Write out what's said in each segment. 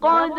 لقد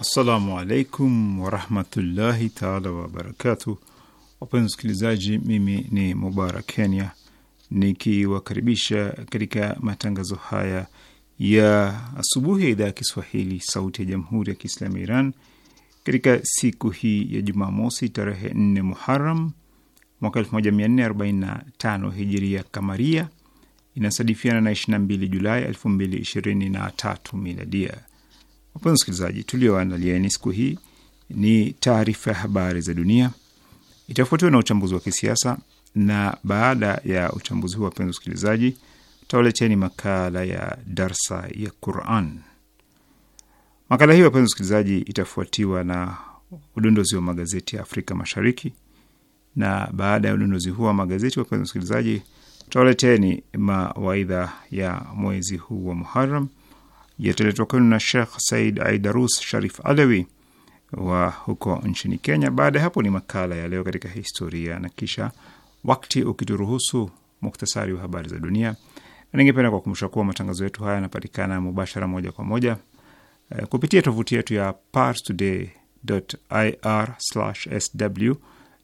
Assalamu alaikum warahmatullahi taala wabarakatu. Wapenzi wasikilizaji, mimi ni Mubarak Kenya nikiwakaribisha katika matangazo haya ya asubuhi ya idhaa ya Kiswahili sauti ya jamhuri ya Kiislamu ya Iran katika siku hii ya Jumamosi tarehe nne Muharam mwaka 1445 hijiria kamaria inasadifiana na mbili Julai elfu2ishiria tatu miladia. Wapenzi wasikilizaji, tulioandalieni siku hii ni taarifa ya habari za dunia, itafuatiwa na uchambuzi wa kisiasa, na baada ya uchambuzi huu, wapenzi wasikilizaji, tutawaleteni makala ya darsa ya Quran. Makala hii, wapenzi wasikilizaji, itafuatiwa na udondozi wa magazeti ya Afrika Mashariki, na baada ya udondozi huu wa magazeti, wapenzi wasikilizaji, tutawaleteni mawaidha ya mwezi huu wa Muharram yataletwa kwenu na Shekh Said Aidarus Sharif Alawi wa huko nchini Kenya. Baada ya hapo ni makala ya leo katika historia, na kisha wakti ukituruhusu, muktasari wa habari za dunia. Ningependa kuwakumbusha kuwa matangazo yetu haya yanapatikana mubashara, moja kwa moja eh, kupitia tovuti yetu ya parstoday.ir/sw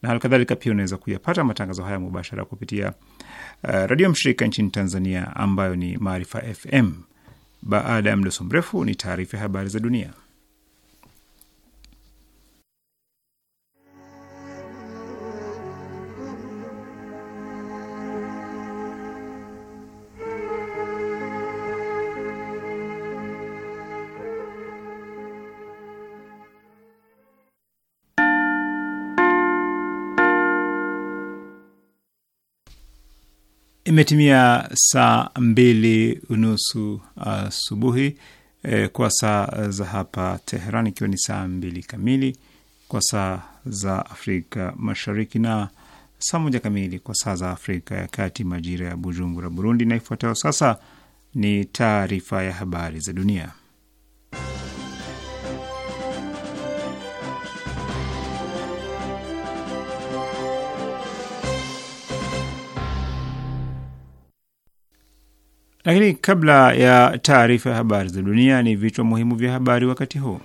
na halikadhalika pia unaweza kuyapata matangazo haya mubashara kupitia uh, eh, redio mshirika nchini Tanzania ambayo ni Maarifa FM. Baada ya mdoso mrefu ni taarifa ya habari za dunia. Imetimia saa mbili unusu asubuhi eh, kwa saa za hapa Teheran, ikiwa ni saa mbili kamili kwa saa za Afrika Mashariki na saa moja kamili kwa saa za Afrika ya Kati, majira ya Bujumbura, Burundi. Na ifuatayo sasa ni taarifa ya habari za dunia. Lakini kabla ya taarifa ya habari za dunia, ni vichwa muhimu vya habari wakati huu.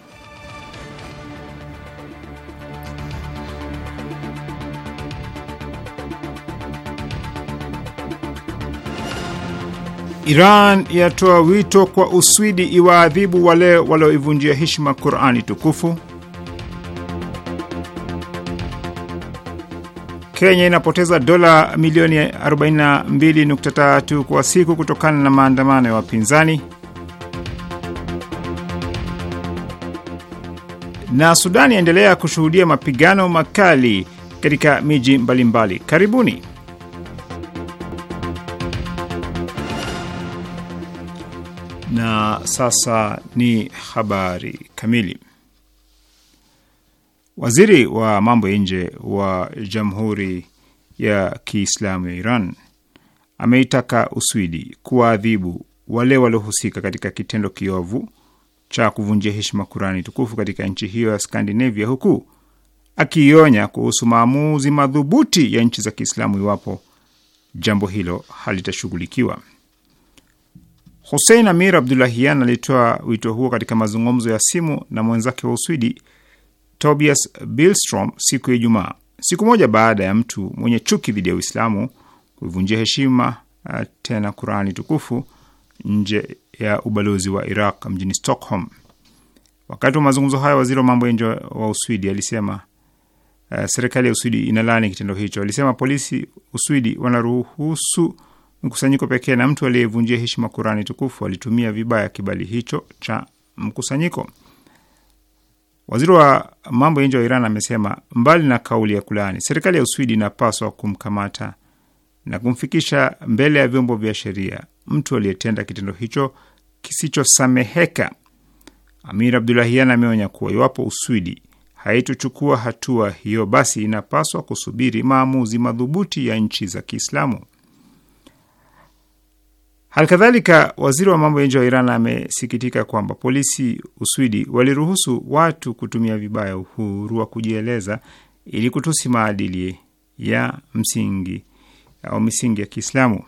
Iran yatoa wito kwa Uswidi iwaadhibu wale walioivunjia heshima Qurani tukufu. Kenya inapoteza dola milioni 42.3 kwa siku kutokana na maandamano ya wapinzani, na Sudani yaendelea kushuhudia mapigano makali katika miji mbalimbali. Karibuni. Na sasa ni habari kamili. Waziri wa mambo ya nje wa Jamhuri ya Kiislamu ya Iran ameitaka Uswidi kuwaadhibu wale waliohusika katika kitendo kiovu cha kuvunjia heshima Kurani tukufu katika nchi hiyo ya Skandinavia, huku akiionya kuhusu maamuzi madhubuti ya nchi za Kiislamu iwapo jambo hilo halitashughulikiwa. Hussein Amir Abdulahian alitoa wito huo katika mazungumzo ya simu na mwenzake wa Uswidi Tobias Billstrom siku ya Ijumaa, siku moja baada ya mtu mwenye chuki dhidi ya Uislamu kuivunjia heshima uh, tena Qurani tukufu nje ya ubalozi wa Iraq mjini Stockholm. Wakati wa mazungumzo hayo, waziri wa mambo ya nje wa Uswidi alisema uh, serikali ya Uswidi inalaani kitendo hicho. Alisema polisi Uswidi wanaruhusu mkusanyiko pekee, na mtu aliyevunjia heshima Qurani tukufu alitumia vibaya kibali hicho cha mkusanyiko. Waziri wa mambo ya nje wa Iran amesema mbali na kauli ya kulaani, serikali ya Uswidi inapaswa kumkamata na kumfikisha mbele ya vyombo vya sheria mtu aliyetenda kitendo hicho kisichosameheka. Amir Abdulahian ameonya kuwa iwapo Uswidi haitochukua hatua hiyo, basi inapaswa kusubiri maamuzi madhubuti ya nchi za Kiislamu. Halikadhalika, waziri wa mambo ya nje wa Iran amesikitika kwamba polisi Uswidi waliruhusu watu kutumia vibaya uhuru wa kujieleza ili kutusi maadili ya msingi au misingi ya Kiislamu,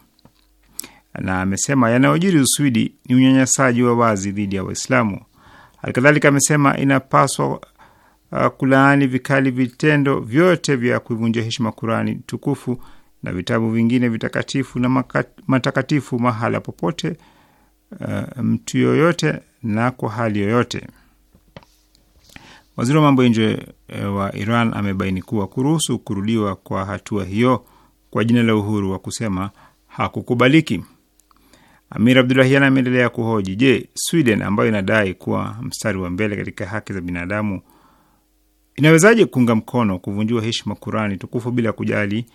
na amesema yanayojiri Uswidi ni unyanyasaji wa wazi dhidi ya Waislamu. Halikadhalika amesema inapaswa uh, kulaani vikali vitendo vyote vya kuivunjia heshima Kurani tukufu na vitabu vingine vitakatifu na matakatifu mahala popote, uh, mtu yoyote na kwa hali yoyote. Waziri wa mambo ya nje eh, wa Iran amebaini kuwa kuruhusu kurudiwa kwa hatua hiyo kwa jina la uhuru wa kusema hakukubaliki. Amir Abdulahian ameendelea kuhoji, je, Sweden ambayo inadai kuwa mstari wa mbele katika haki za binadamu inawezaje kuunga mkono kuvunjiwa heshima Kurani tukufu bila kujali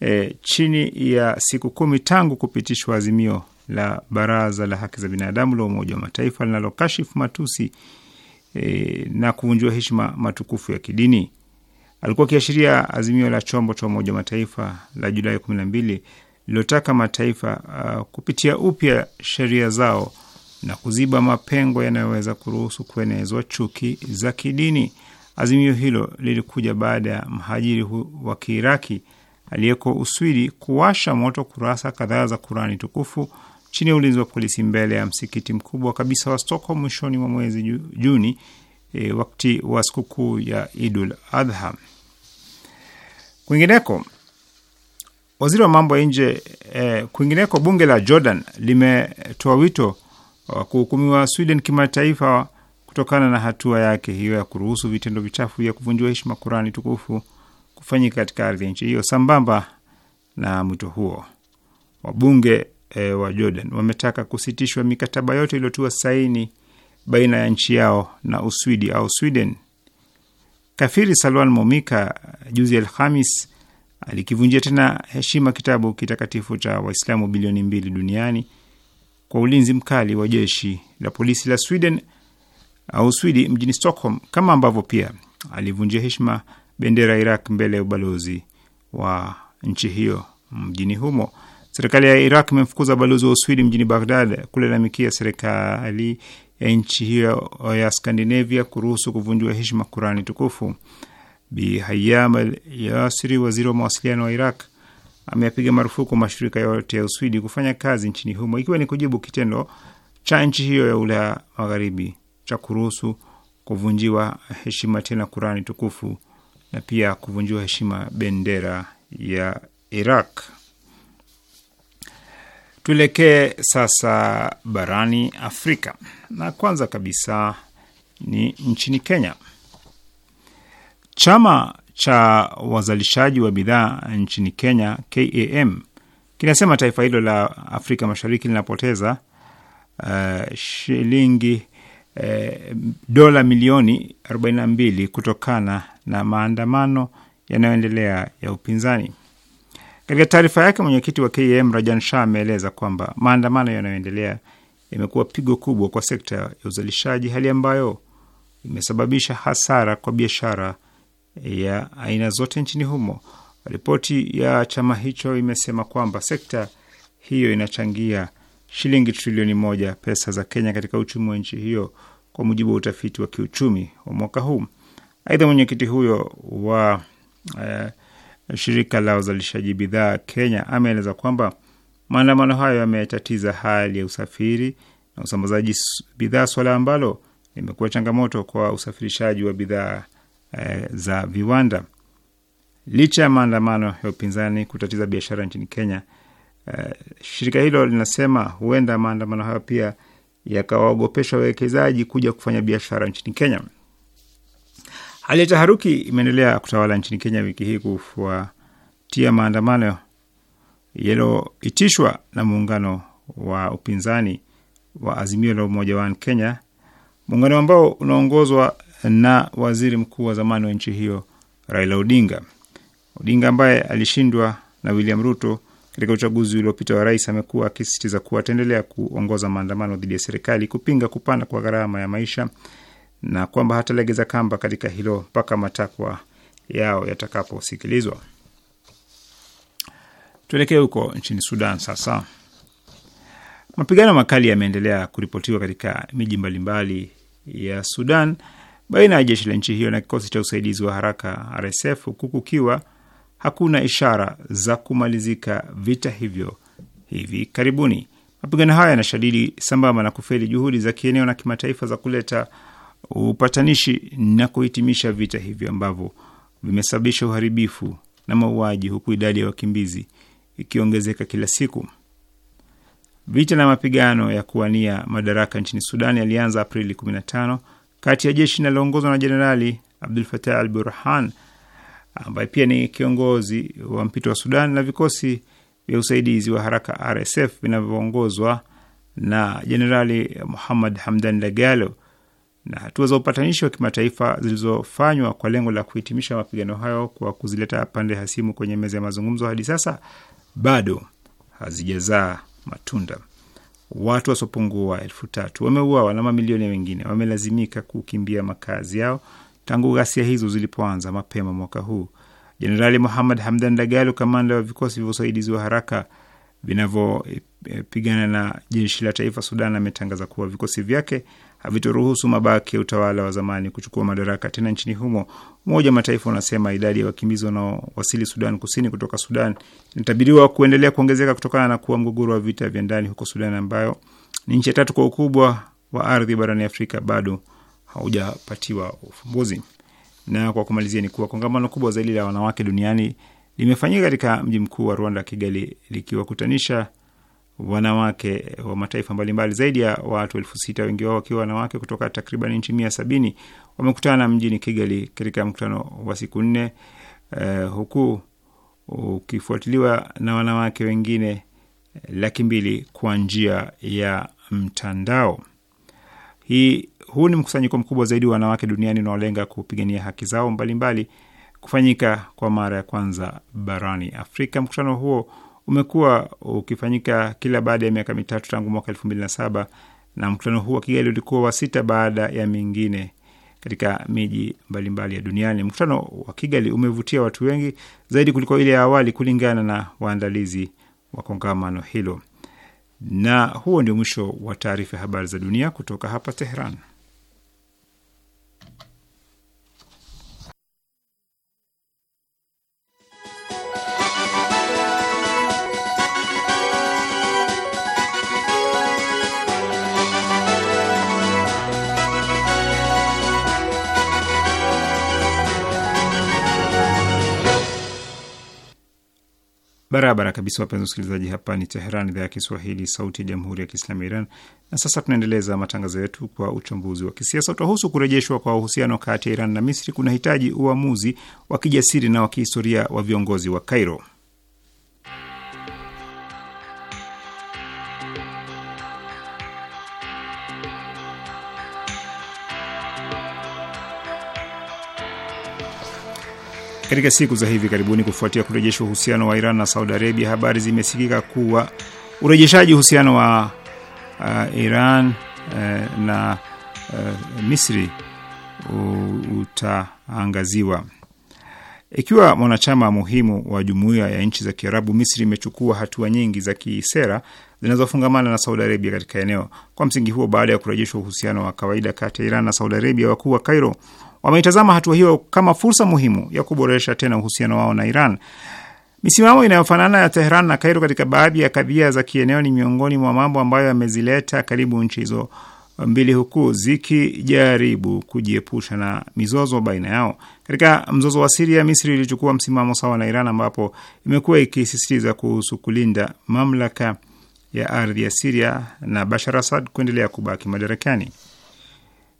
e, chini ya siku kumi tangu kupitishwa azimio la Baraza la Haki za Binadamu la Umoja wa Mataifa linalokashifu matusi e, na kuvunjia heshima matukufu ya kidini. Alikuwa akiashiria azimio la chombo cha Umoja wa Mataifa la Julai 12 lililotaka mataifa uh, kupitia upya sheria zao na kuziba mapengo yanayoweza kuruhusu kuenezwa chuki za kidini. Azimio hilo lilikuja baada ya mhajiri wa Kiiraki aliyeko Uswidi kuwasha moto kurasa kadhaa za Kurani tukufu chini ya ulinzi wa polisi mbele ya msikiti mkubwa kabisa wa Stockholm mwishoni mwa mwezi Juni e, wakati wa sikukuu ya Idul Adha. Kwingineko, waziri wa mambo ya nje e, kwingineko, bunge la Jordan limetoa wito wa kuhukumiwa Sweden kimataifa kutokana na hatua yake hiyo ya kuruhusu vitendo vichafu vya kuvunjiwa heshima Kurani tukufu kufanyika katika ardhi ya nchi hiyo. Sambamba na mwito huo, wabunge e, wa Jordan wametaka kusitishwa mikataba yote iliyotiwa saini baina ya nchi yao na Uswidi au Sweden. Kafiri Salwan Momika e, juzi Alhamis alikivunjia tena heshima kitabu kitakatifu cha Waislamu bilioni mbili duniani kwa ulinzi mkali wa jeshi la polisi la Sweden au Swidi mjini Stockholm, kama ambavyo pia alivunjia heshima bendera ya Iraq mbele ya ubalozi wa nchi hiyo mjini humo. Serikali ya Iraq imemfukuza balozi wa Uswidi mjini Baghdad kulalamikia serikali ya nchi hiyo ya Skandinavia kuruhusu kuvunjwa heshima Kurani tukufu. Bi Hayam Al Yasri, waziri wa mawasiliano wa Iraq, ameyapiga marufuku mashirika yote ya Uswidi kufanya kazi nchini humo, ikiwa ni kujibu kitendo cha nchi hiyo ya Ulaya Magharibi cha kuruhusu kuvunjiwa heshima tena Kurani tukufu na pia kuvunjiwa heshima bendera ya Iraq. Tuelekee sasa barani Afrika na kwanza kabisa ni nchini Kenya. Chama cha wazalishaji wa bidhaa nchini Kenya KAM kinasema taifa hilo la Afrika Mashariki linapoteza uh, shilingi uh, dola milioni 42 kutokana na maandamano yanayoendelea ya upinzani. Katika taarifa yake, mwenyekiti wa KM Rajan Shah ameeleza kwamba maandamano yanayoendelea yamekuwa pigo kubwa kwa sekta ya uzalishaji, hali ambayo imesababisha hasara kwa biashara ya aina zote nchini humo. Ripoti ya chama hicho imesema kwamba sekta hiyo inachangia shilingi trilioni moja pesa za Kenya katika uchumi wa nchi hiyo, kwa mujibu wa utafiti wa kiuchumi wa mwaka huu. Aidha, mwenyekiti huyo wa eh, shirika la uzalishaji bidhaa Kenya ameeleza kwamba maandamano hayo yametatiza hali ya usafiri na usambazaji bidhaa, suala ambalo limekuwa changamoto kwa usafirishaji wa bidhaa eh, za viwanda. Licha ya maandamano ya upinzani kutatiza biashara nchini Kenya, eh, shirika hilo linasema huenda maandamano hayo pia yakawaogopesha wawekezaji kuja kufanya biashara nchini Kenya. Hali ya taharuki imeendelea kutawala nchini Kenya wiki hii kufuatia maandamano yaliyoitishwa na muungano wa upinzani wa Azimio la Umoja wa Kenya, muungano ambao unaongozwa na waziri mkuu wa zamani wa nchi hiyo Raila Odinga. Odinga ambaye alishindwa na William Ruto katika uchaguzi uliopita wa rais, amekuwa akisisitiza kuwa ataendelea kuongoza maandamano dhidi ya serikali kupinga kupanda kwa gharama ya maisha na kwamba hatalegeza kamba katika hilo mpaka matakwa yao yatakaposikilizwa. Tuelekee huko nchini Sudan sasa. Mapigano makali yameendelea kuripotiwa katika miji mbalimbali ya Sudan baina ya jeshi la nchi hiyo na kikosi cha usaidizi wa haraka RSF, huku kukiwa hakuna ishara za kumalizika vita hivyo hivi karibuni. Mapigano hayo yanashadidi sambamba na kufeli juhudi za kieneo na kimataifa za kuleta upatanishi na kuhitimisha vita hivyo ambavyo vimesababisha uharibifu na mauaji, huku idadi ya wakimbizi ikiongezeka kila siku. Vita na mapigano ya kuwania madaraka nchini Sudan yalianza Aprili 15 kati ya jeshi linaloongozwa na Jenerali Abdul Fatah Al Burhan ambaye pia ni kiongozi wa mpito wa Sudan na vikosi vya usaidizi wa haraka RSF vinavyoongozwa na Jenerali Muhammad Hamdan Dagalo na hatua za upatanishi wa kimataifa zilizofanywa kwa lengo la kuhitimisha mapigano hayo kwa kuzileta pande hasimu kwenye meza ya mazungumzo hadi sasa bado hazijazaa matunda. Watu wasiopungua elfu tatu wameuawa na mamilioni wengine wamelazimika kukimbia makazi yao tangu ghasia hizo zilipoanza mapema mwaka huu. Jenerali Muhammad Hamdan Dagalo, kamanda wa vikosi vya usaidizi wa haraka vinavyopigana eh, na jeshi la taifa Sudan, ametangaza kuwa vikosi vyake havitaruhusu mabaki ya utawala wa zamani kuchukua madaraka tena nchini humo. Umoja wa Mataifa unasema idadi ya wakimbizi wanaowasili Sudan Kusini kutoka Sudan inatabiriwa kuendelea kuongezeka kutokana na kuwa mgogoro wa vita vya ndani huko Sudan, ambayo ni nchi ya tatu kwa ukubwa wa ardhi barani Afrika, bado haujapatiwa ufumbuzi. Na kwa kumalizia ni kuwa kongamano kubwa zaidi la wanawake duniani limefanyika katika mji mkuu wa Rwanda, Kigali, likiwakutanisha wanawake wa mataifa mbalimbali. Zaidi ya watu elfu sita, wengi wao wakiwa wanawake kutoka takriban nchi mia sabini wamekutana mjini Kigali katika mkutano wa siku nne eh, huku ukifuatiliwa na wanawake wengine eh, laki mbili kwa njia ya mtandao. Hii, huu ni mkusanyiko mkubwa zaidi wa wanawake duniani unaolenga kupigania haki zao mbalimbali mbali, kufanyika kwa mara ya kwanza barani Afrika. Mkutano huo umekuwa ukifanyika kila baada ya miaka mitatu tangu mwaka elfu mbili na saba na mkutano huu wa Kigali ulikuwa wa sita baada ya mingine katika miji mbalimbali ya duniani. Mkutano wa Kigali umevutia watu wengi zaidi kuliko ile ya awali kulingana na waandalizi wa kongamano hilo. Na huo ndio mwisho wa taarifa ya habari za dunia kutoka hapa teheran Barabara kabisa, wapenzi wasikilizaji, hapa ni Teheran, idhaa ya Kiswahili, sauti ya jamhuri ya kiislamu ya Iran. Na sasa tunaendeleza matangazo yetu kwa uchambuzi wa kisiasa. Utahusu kurejeshwa kwa uhusiano kati ya Iran na Misri kunahitaji uamuzi wa kijasiri na wa kihistoria wa viongozi wa Kairo. Katika siku za hivi karibuni, kufuatia kurejeshwa uhusiano wa Iran na Saudi Arabia, habari zimesikika kuwa urejeshaji uhusiano wa uh, Iran uh, na uh, Misri uh, utaangaziwa ikiwa mwanachama muhimu wa jumuiya ya nchi za Kiarabu, Misri imechukua hatua nyingi za kisera zinazofungamana na Saudi Arabia katika eneo. Kwa msingi huo, baada ya kurejeshwa uhusiano wa kawaida kati ya Iran na Saudi Arabia, wakuu wa Kairo wameitazama hatua hiyo kama fursa muhimu ya kuboresha tena uhusiano wao na Iran. Misimamo inayofanana ya Teheran na Kairo katika baadhi ya kadhia za kieneo ni miongoni mwa mambo ambayo yamezileta karibu nchi hizo mbili huku zikijaribu kujiepusha na mizozo baina yao. Katika mzozo wa Siria, Misri ilichukua msimamo sawa na Iran, ambapo imekuwa ikisisitiza kuhusu kulinda mamlaka ya ardhi ya Siria na Bashar Asad kuendelea kubaki madarakani.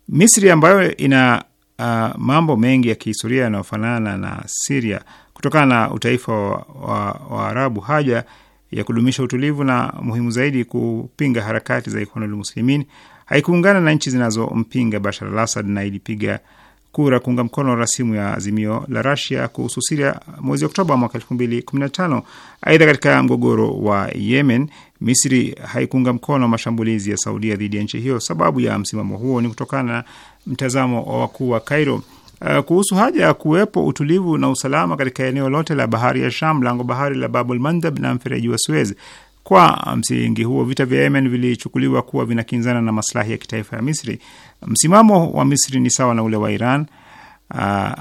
Misri ambayo ina uh, mambo mengi ya kihistoria yanayofanana na Siria kutokana na utaifa wa Waarabu wa haja ya kudumisha utulivu na muhimu zaidi kupinga harakati za Ikhwanul Muslimin haikuungana na nchi zinazompinga Bashar al Assad na ilipiga kura kuunga mkono rasimu ya azimio la Rasia kuhusu Siria mwezi Oktoba mwaka elfu mbili kumi na tano. Aidha, katika mgogoro wa Yemen, Misri haikuunga mkono mashambulizi ya Saudia dhidi ya nchi hiyo. Sababu ya msimamo huo ni kutokana mtazamo wa wakuu wa Cairo uh, kuhusu haja ya kuwepo utulivu na usalama katika eneo lote la bahari ya Sham, lango bahari la Babul Mandab na mfereji wa Suez. Kwa msingi huo vita vya Yemen vilichukuliwa kuwa vinakinzana na maslahi ya kitaifa ya Misri. Msimamo wa Misri ni sawa na ule wa Iran uh,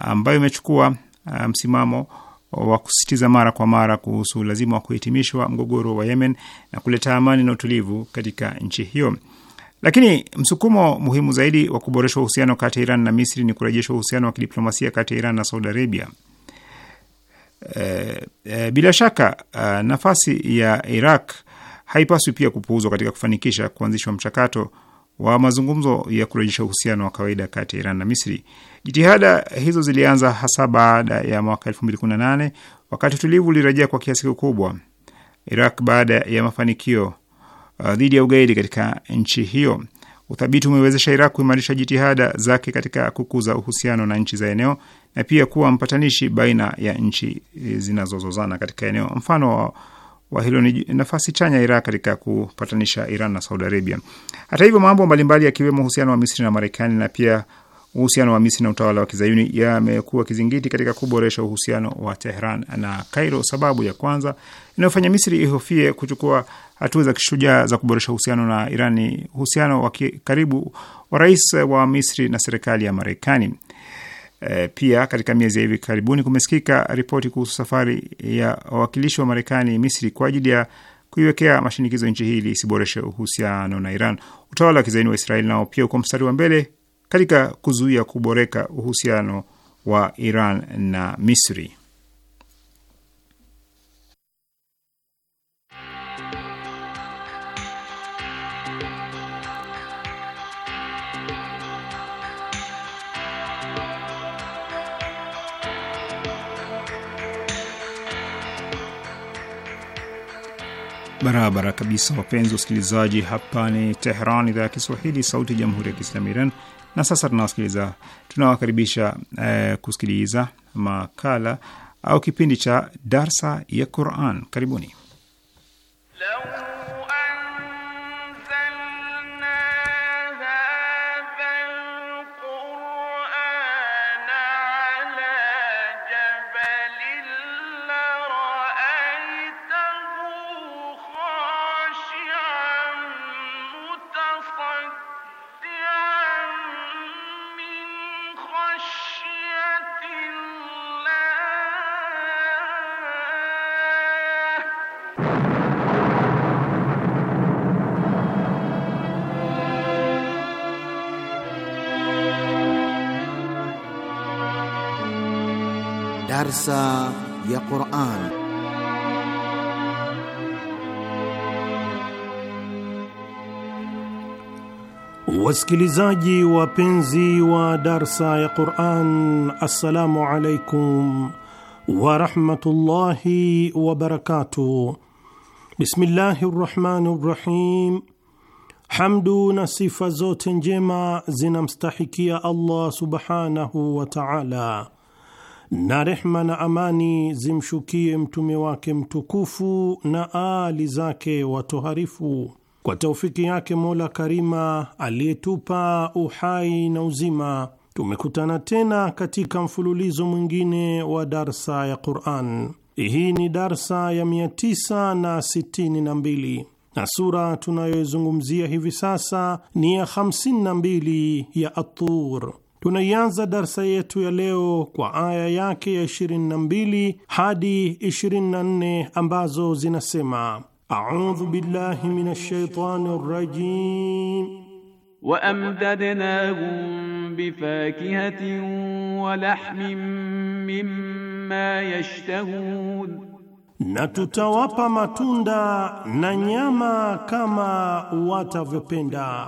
ambayo imechukua uh, msimamo wa kusisitiza mara kwa mara kuhusu lazima wa kuhitimishwa mgogoro wa Yemen na kuleta amani na utulivu katika nchi hiyo. Lakini msukumo muhimu zaidi wa kuboreshwa uhusiano kati ya Iran na Misri ni kurejeshwa uhusiano wa kidiplomasia kati ya Iran na Saudi Arabia. E, e, bila shaka a, eh, nafasi ya Iraq haipaswi pia kupuuzwa katika kufanikisha kuanzishwa mchakato wa mazungumzo ya kurejesha uhusiano wa kawaida kati ya Iran na Misri. Jitihada hizo zilianza hasa baada ya mwaka 2018 wakati utulivu ulirejea kwa kiasi kikubwa Iraq baada ya mafanikio uh, dhidi ya ugaidi katika nchi hiyo. Uthabiti umewezesha Iraq kuimarisha jitihada zake katika kukuza uhusiano na nchi za eneo na pia kuwa mpatanishi baina ya nchi zinazozozana katika eneo. Mfano wa, wa hilo ni nafasi chanya Iraq katika kupatanisha Iran na Saudi Arabia. Hata hivyo, mambo mbalimbali yakiwemo uhusiano wa Misri na Marekani na pia uhusiano wa Misri na utawala wa kizayuni yamekuwa kizingiti katika kuboresha uhusiano wa Tehran na Kairo. Sababu ya kwanza inayofanya Misri ihofie kuchukua hatua za kishujaa za kuboresha uhusiano na Iran ni uhusiano wa karibu wa rais wa Misri na serikali ya Marekani. E, pia katika miezi ya hivi karibuni kumesikika ripoti kuhusu safari ya wawakilishi wa Marekani Misri kwa ajili ya kuiwekea mashinikizo nchi hii ili isiboreshe uhusiano na Iran. Utawala wa kizaini wa Israeli nao pia uko mstari wa mbele katika kuzuia kuboreka uhusiano wa Iran na Misri. Barabara kabisa, wapenzi wasikilizaji, hapa ni Tehran, idhaa ya Kiswahili, sauti ya jamhuri ya kiislamu Iran. Na sasa tunawasikiliza, tunawakaribisha eh, kusikiliza makala au kipindi cha darsa ya Quran. Karibuni. Wasikilizaji wapenzi wa darsa ya Quran, assalamu alaikum warahmatullahi wabarakatuh. Bismillahi rahmani rahim Hamdu na sifa zote njema zinamstahikia Allah subhanahu wa taala, na rehma na amani zimshukie mtume wake mtukufu na aali zake watoharifu kwa taufiki yake Mola Karima aliyetupa uhai na uzima, tumekutana tena katika mfululizo mwingine wa darsa ya Quran. Hii ni darsa ya 962 na na sura tunayoizungumzia hivi sasa ni ya 52 ya At-Tur. Tunaianza darsa yetu ya leo kwa aya yake ya 22 hadi 24 ambazo zinasema أعوذ بالله من الشيطان الرجيم وأمددناهم بفاكهة ولحم مما يشتهون نتتوابى ماتوندا نانياما كما فيبندا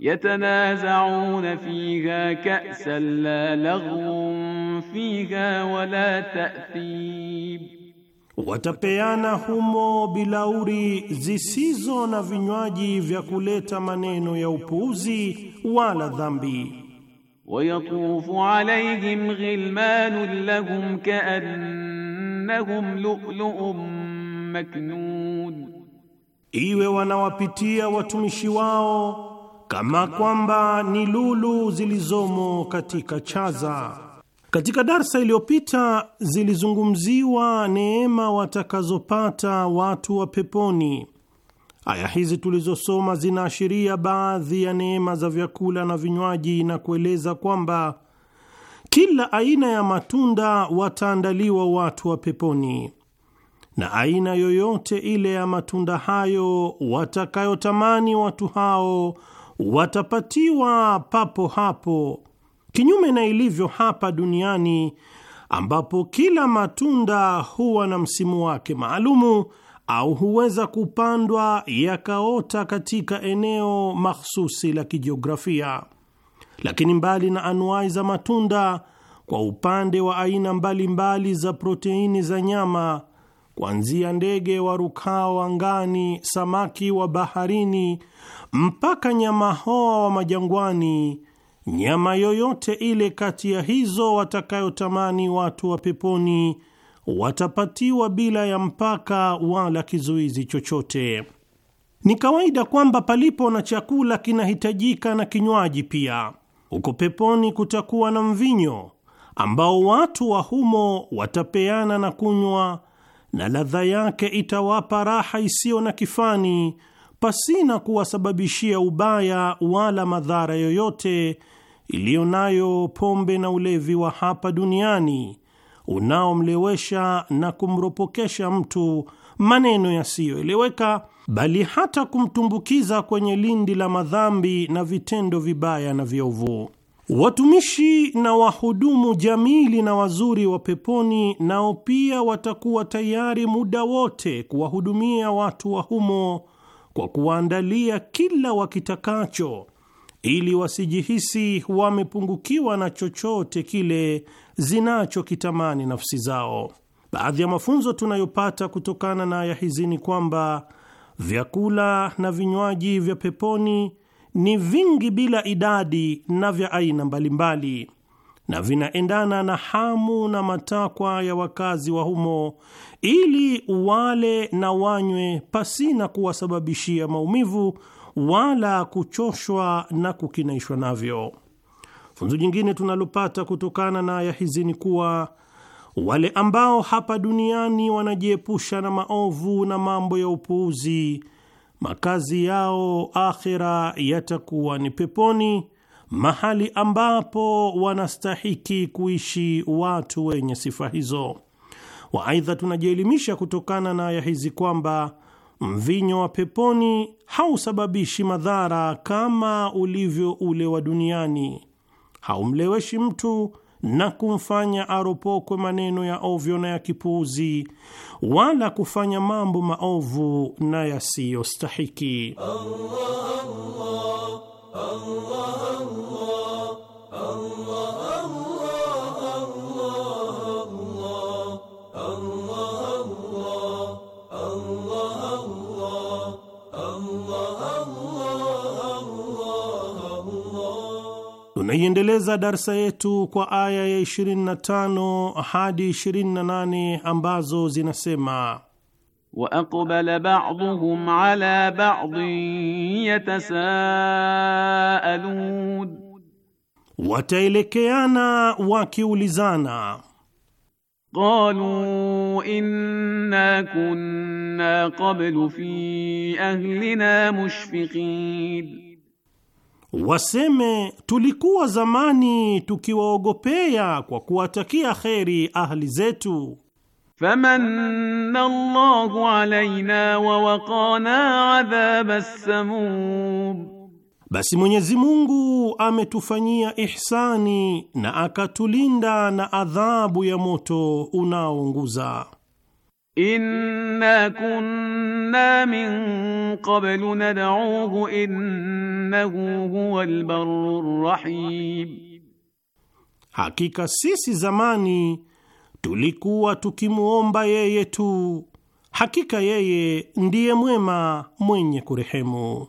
يتنازعون فيها كأسا لا لغو فيها ولا تأثيب Watapeana humo bilauri zisizo na vinywaji vya kuleta maneno ya upuuzi wala dhambi. Wayatufu alayhim ghilmanun lahum kaannahum lu'lu'un maknun, iwe wanawapitia watumishi wao kama kwamba ni lulu zilizomo katika chaza. Katika darsa iliyopita zilizungumziwa neema watakazopata watu wa peponi. Aya hizi tulizosoma zinaashiria baadhi ya neema za vyakula na vinywaji na kueleza kwamba kila aina ya matunda wataandaliwa watu wa peponi, na aina yoyote ile ya matunda hayo watakayotamani watu hao watapatiwa papo hapo kinyume na ilivyo hapa duniani ambapo kila matunda huwa na msimu wake maalumu au huweza kupandwa yakaota katika eneo mahsusi la kijiografia. Lakini mbali na anuai za matunda, kwa upande wa aina mbalimbali mbali za proteini za nyama, kuanzia ndege warukao angani, samaki wa baharini, mpaka nyama hoa wa majangwani nyama yoyote ile kati ya hizo watakayotamani watu wa peponi watapatiwa bila ya mpaka wala kizuizi chochote. Ni kawaida kwamba palipo na chakula kinahitajika na kinywaji pia. Huko peponi kutakuwa na mvinyo ambao watu wa humo watapeana na kunywa, na ladha yake itawapa raha isiyo na kifani, pasina kuwasababishia ubaya wala madhara yoyote iliyo nayo pombe na ulevi wa hapa duniani unaomlewesha na kumropokesha mtu maneno yasiyoeleweka, bali hata kumtumbukiza kwenye lindi la madhambi na vitendo vibaya na vyovu. Watumishi na wahudumu jamili na wazuri wa peponi nao pia watakuwa tayari muda wote kuwahudumia watu wa humo kwa kuwaandalia kila wakitakacho ili wasijihisi wamepungukiwa na chochote kile zinachokitamani nafsi zao. Baadhi ya mafunzo tunayopata kutokana na aya hizi ni kwamba vyakula na vinywaji vya peponi ni vingi bila idadi na vya aina mbalimbali, na vinaendana na hamu na matakwa ya wakazi wa humo, ili wale na wanywe pasina kuwasababishia maumivu wala kuchoshwa na kukinaishwa navyo. Funzo jingine tunalopata kutokana na aya hizi ni kuwa wale ambao hapa duniani wanajiepusha na maovu na mambo ya upuuzi, makazi yao akhira yatakuwa ni peponi, mahali ambapo wanastahiki kuishi watu wenye sifa hizo. Waaidha, tunajielimisha kutokana na aya hizi kwamba Mvinyo wa peponi hausababishi madhara kama ulivyo ule wa duniani, haumleweshi mtu na kumfanya aropokwe maneno ya ovyo na ya kipuuzi, wala kufanya mambo maovu na yasiyostahiki. Allah, Allah, Allah. Tunaiendeleza darsa yetu kwa aya ya 25 hadi 28 ambazo zinasema: wa aqbala ba'dhum ala ba'dhin yatasaalun, wataelekeana wakiulizana. Qalu inna kunna qablu fi ahlina mushfiqin waseme tulikuwa zamani tukiwaogopea kwa kuwatakia kheri ahli zetu. famanna Allahu alaina wa waqana adhaba samum, basi Mwenyezi Mungu ametufanyia ihsani na akatulinda na adhabu ya moto unaounguza. Inna kunna min qablu nad'uhu innahu huwal barrur rahim, hakika sisi zamani tulikuwa tukimuomba yeye tu, hakika yeye ndiye mwema mwenye kurehemu.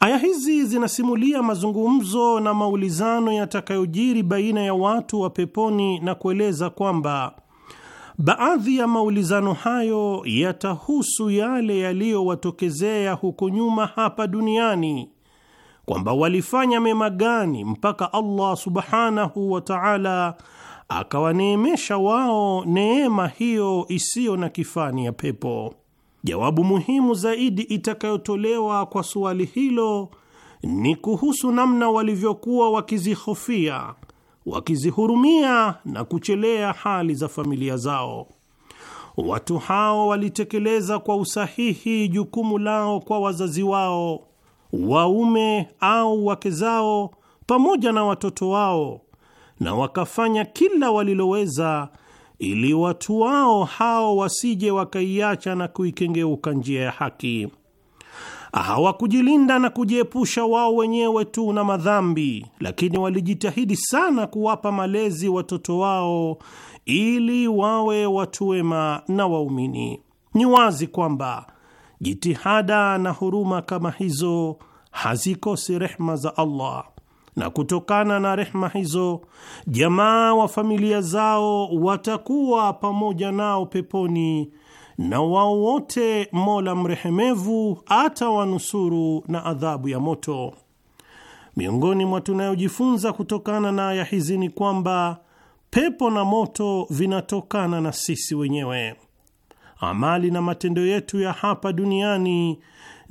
Aya hizi zinasimulia mazungumzo na maulizano yatakayojiri baina ya watu wa peponi na kueleza kwamba Baadhi ya maulizano hayo yatahusu yale yaliyowatokezea huko nyuma hapa duniani, kwamba walifanya mema gani mpaka Allah subhanahu wa ta'ala akawaneemesha wao neema hiyo isiyo na kifani ya pepo. Jawabu muhimu zaidi itakayotolewa kwa suali hilo ni kuhusu namna walivyokuwa wakizihofia wakizihurumia na kuchelea hali za familia zao. Watu hao walitekeleza kwa usahihi jukumu lao kwa wazazi wao, waume au wake zao, pamoja na watoto wao, na wakafanya kila waliloweza ili watu wao hao wasije wakaiacha na kuikengeuka njia ya haki hawakujilinda na kujiepusha wao wenyewe tu na madhambi, lakini walijitahidi sana kuwapa malezi watoto wao ili wawe watu wema na waumini. Ni wazi kwamba jitihada na huruma kama hizo hazikosi rehma za Allah, na kutokana na rehma hizo jamaa wa familia zao watakuwa pamoja nao peponi na wao wote Mola mrehemevu atawanusuru na adhabu ya moto. Miongoni mwa tunayojifunza kutokana na aya hizi ni kwamba pepo na moto vinatokana na sisi wenyewe. Amali na matendo yetu ya hapa duniani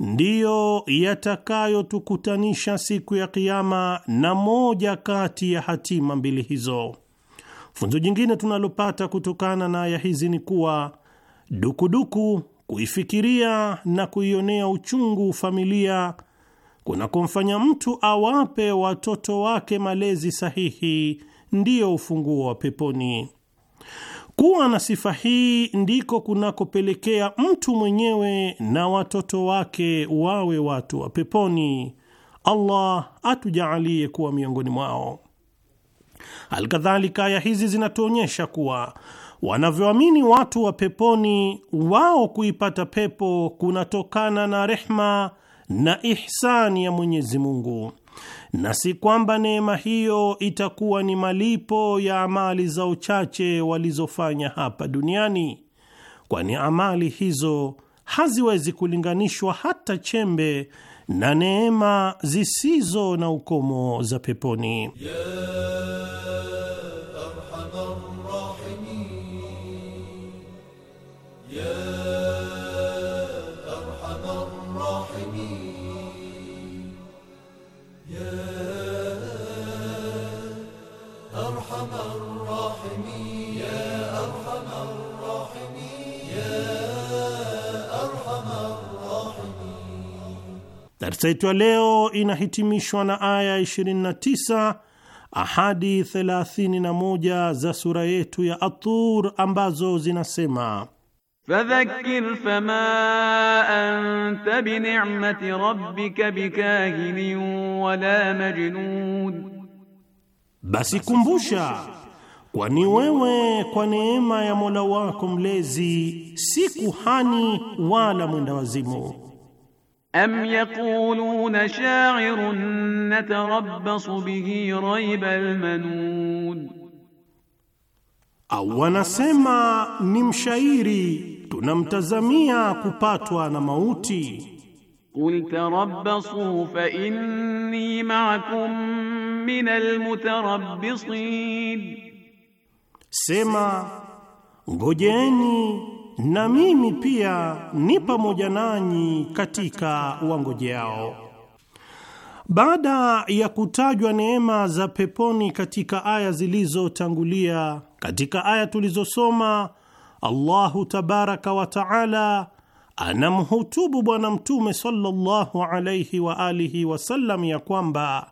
ndiyo yatakayotukutanisha siku ya Kiama na moja kati ya hatima mbili hizo. Funzo jingine tunalopata kutokana na aya hizi ni kuwa dukuduku kuifikiria na kuionea uchungu familia kunakomfanya mtu awape watoto wake malezi sahihi ndiyo ufunguo wa peponi. Kuwa na sifa hii ndiko kunakopelekea mtu mwenyewe na watoto wake wawe watu wa peponi. Allah atujaalie kuwa miongoni mwao. Alkadhalika, aya hizi zinatuonyesha kuwa wanavyoamini watu wa peponi, wao kuipata pepo kunatokana na rehma na ihsani ya Mwenyezi Mungu, na si kwamba neema hiyo itakuwa ni malipo ya amali za uchache walizofanya hapa duniani, kwani amali hizo haziwezi kulinganishwa hata chembe na neema zisizo na ukomo za peponi yeah. Darsa yetu ya leo inahitimishwa na aya 29 ahadi 31 za sura yetu ya Atur ambazo zinasema فذكر فما أنت بنعمة ربك بكاهن ولا مجنون basi kumbusha kwani wewe kwa neema ya Mola wako mlezi si kuhani wala mwenda wazimu am yaquluna sha'irun natarabbasu bihi rayba almanun au wanasema ni mshairi tunamtazamia kupatwa na mauti. Qul tarabbasu fa inni ma'akum min almutarabbisin, sema ngojeeni na mimi pia ni pamoja nanyi katika wangojeao. Baada ya kutajwa neema za peponi katika aya zilizotangulia, katika aya tulizosoma Allahu tabaraka wa taala anamhutubu Bwana Mtume sallallahu alayhi wa alihi wasallam ya kwamba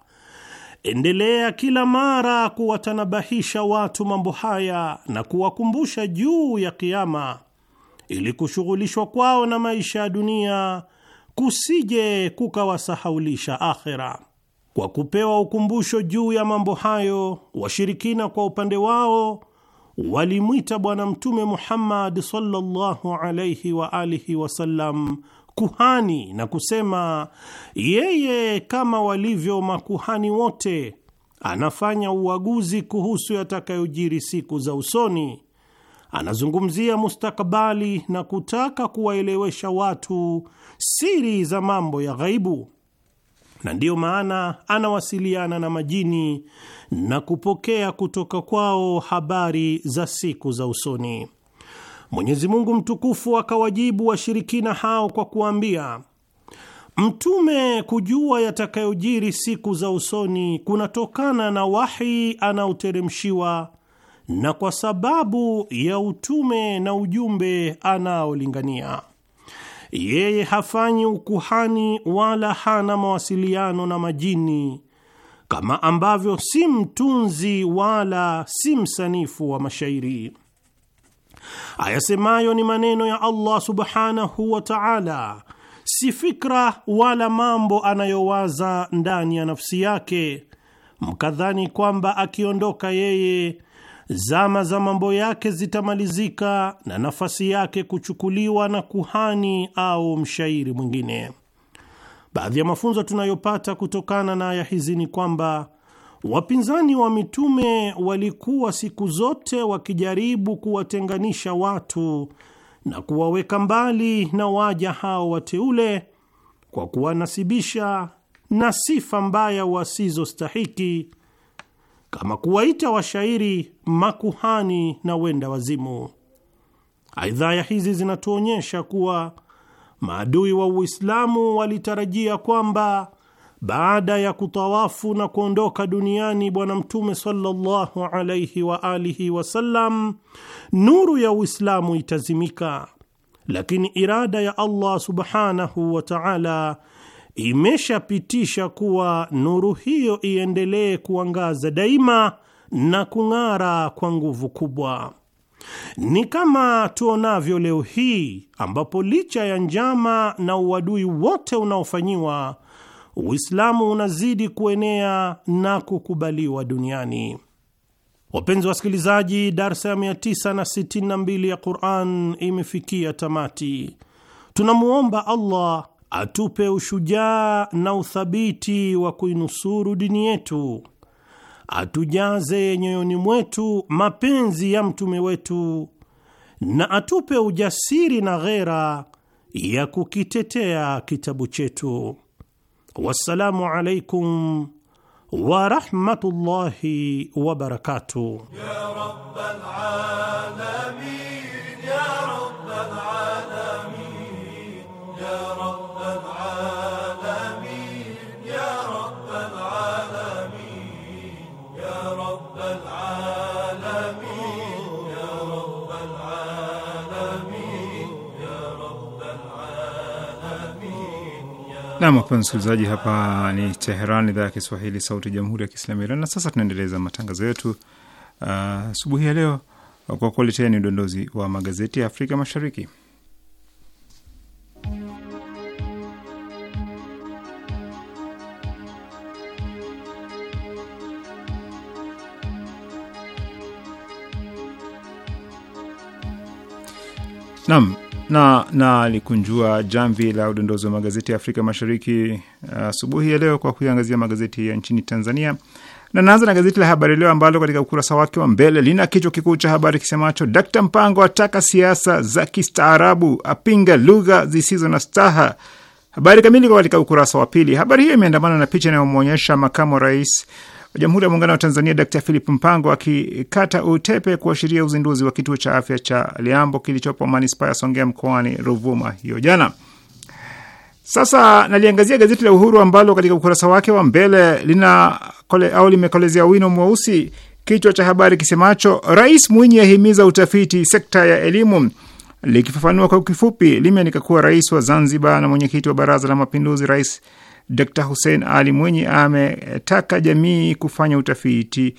endelea kila mara kuwatanabahisha watu mambo haya na kuwakumbusha juu ya Kiama ili kushughulishwa kwao na maisha ya dunia kusije kukawasahaulisha akhera. Kwa kupewa ukumbusho juu ya mambo hayo, washirikina kwa upande wao walimwita Bwana Mtume Muhammad sallallahu alayhi wa alihi wasallam kuhani na kusema, yeye kama walivyo makuhani wote anafanya uaguzi kuhusu yatakayojiri siku za usoni. Anazungumzia mustakabali na kutaka kuwaelewesha watu siri za mambo ya ghaibu, na ndiyo maana anawasiliana na majini na kupokea kutoka kwao habari za siku za usoni. Mwenyezi Mungu mtukufu akawajibu washirikina hao kwa kuambia, mtume kujua yatakayojiri siku za usoni kunatokana na wahi anaoteremshiwa na kwa sababu ya utume na ujumbe anaolingania yeye, hafanyi ukuhani wala hana mawasiliano na majini kama ambavyo si mtunzi wala si msanifu wa mashairi. Ayasemayo ni maneno ya Allah subhanahu wa ta'ala, si fikra wala mambo anayowaza ndani ya nafsi yake, mkadhani kwamba akiondoka yeye zama za mambo yake zitamalizika na nafasi yake kuchukuliwa na kuhani au mshairi mwingine. Baadhi ya mafunzo tunayopata kutokana na aya hizi ni kwamba wapinzani wa mitume walikuwa siku zote wakijaribu kuwatenganisha watu na kuwaweka mbali na waja hao wateule kwa kuwanasibisha na sifa mbaya wasizostahiki kama kuwaita washairi, makuhani na wenda wazimu. Aidha, aya hizi zinatuonyesha kuwa maadui wa Uislamu walitarajia kwamba baada ya kutawafu na kuondoka duniani Bwana Mtume sallallahu alaihi wa alihi wasallam, nuru ya Uislamu itazimika, lakini irada ya Allah subhanahu wa taala imeshapitisha kuwa nuru hiyo iendelee kuangaza daima na kung'ara kwa nguvu kubwa. Ni kama tuonavyo leo hii ambapo licha ya njama na uadui wote unaofanyiwa Uislamu unazidi kuenea na kukubaliwa duniani. Wapenzi wasikilizaji, darsa ya 962 ya Quran imefikia tamati. Tunamwomba Allah atupe ushujaa na uthabiti wa kuinusuru dini yetu atujaze nyoyoni mwetu mapenzi ya mtume wetu na atupe ujasiri na ghera ya kukitetea kitabu chetu. Wassalamu alaikum wa rahmatullahi wa barakatuh. Ya rabbal alamin, ya rabbal alamin, ya rabbal Nam, wapenzi msikilizaji, hapa ni Teheran, idhaa ya Kiswahili, sauti ya jamhuri ya kiislamu ya Iran. Na sasa tunaendeleza matangazo yetu uh, asubuhi uh, ya leo kwa kuwaletea ni udondozi wa magazeti ya Afrika Mashariki. Nam, na na jamvi la udondozi wa magazeti ya Afrika Mashariki uh, asubuhi uh, ya leo kwa kuangazia magazeti ya nchini Tanzania, na naanza na gazeti la Habari Leo ambalo katika ukurasa wake wa mbele lina kichwa kikuu cha habari kisemacho Dkt Mpango ataka siasa za kistaarabu, apinga lugha zisizo na staha. Habari kamili kwa katika ukurasa wa pili. Habari hiyo imeandamana na picha inayomwonyesha makamu wa rais wa Jamhuri ya Muungano wa Tanzania Dkt. Philip Mpango akikata utepe kuashiria uzinduzi wa kituo cha afya cha Liambo kilichopo manispaa ya Songea mkoani Ruvuma hiyo jana. Sasa naliangazia gazeti la Uhuru ambalo katika ukurasa wake wa mbele lina kole, au limekolezea wino mweusi kichwa cha habari kisemacho Rais Mwinyi ahimiza utafiti sekta ya elimu. Likifafanua kwa kifupi, limeandika kuwa rais wa Zanzibar na mwenyekiti wa Baraza la Mapinduzi Rais Dkt Hussein Ali Mwinyi ametaka jamii kufanya utafiti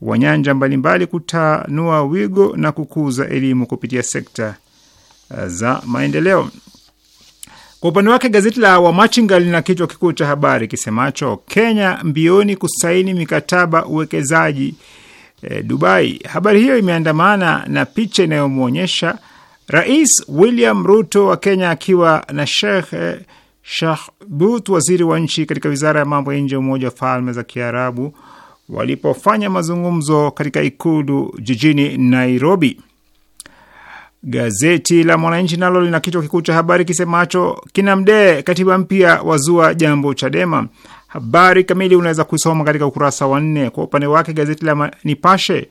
wa nyanja mbalimbali, kutanua wigo na kukuza elimu kupitia sekta eh, za maendeleo. Kwa upande wake gazeti la Wamachinga lina kichwa kikuu cha habari kisemacho Kenya mbioni kusaini mikataba uwekezaji e, Dubai. Habari hiyo imeandamana na picha inayomwonyesha Rais William Ruto wa Kenya akiwa na Sheikh eh, Shahbut, waziri wa nchi katika wizara ya mambo ya nje ya Umoja wa Falme za Kiarabu, walipofanya mazungumzo katika ikulu jijini Nairobi. Gazeti la Mwananchi nalo lina kichwa kikuu cha habari kisemacho Kinamdee, katiba mpya wazua jambo Chadema. Habari kamili unaweza kuisoma katika ukurasa wa nne. Kwa upande wake gazeti la Nipashe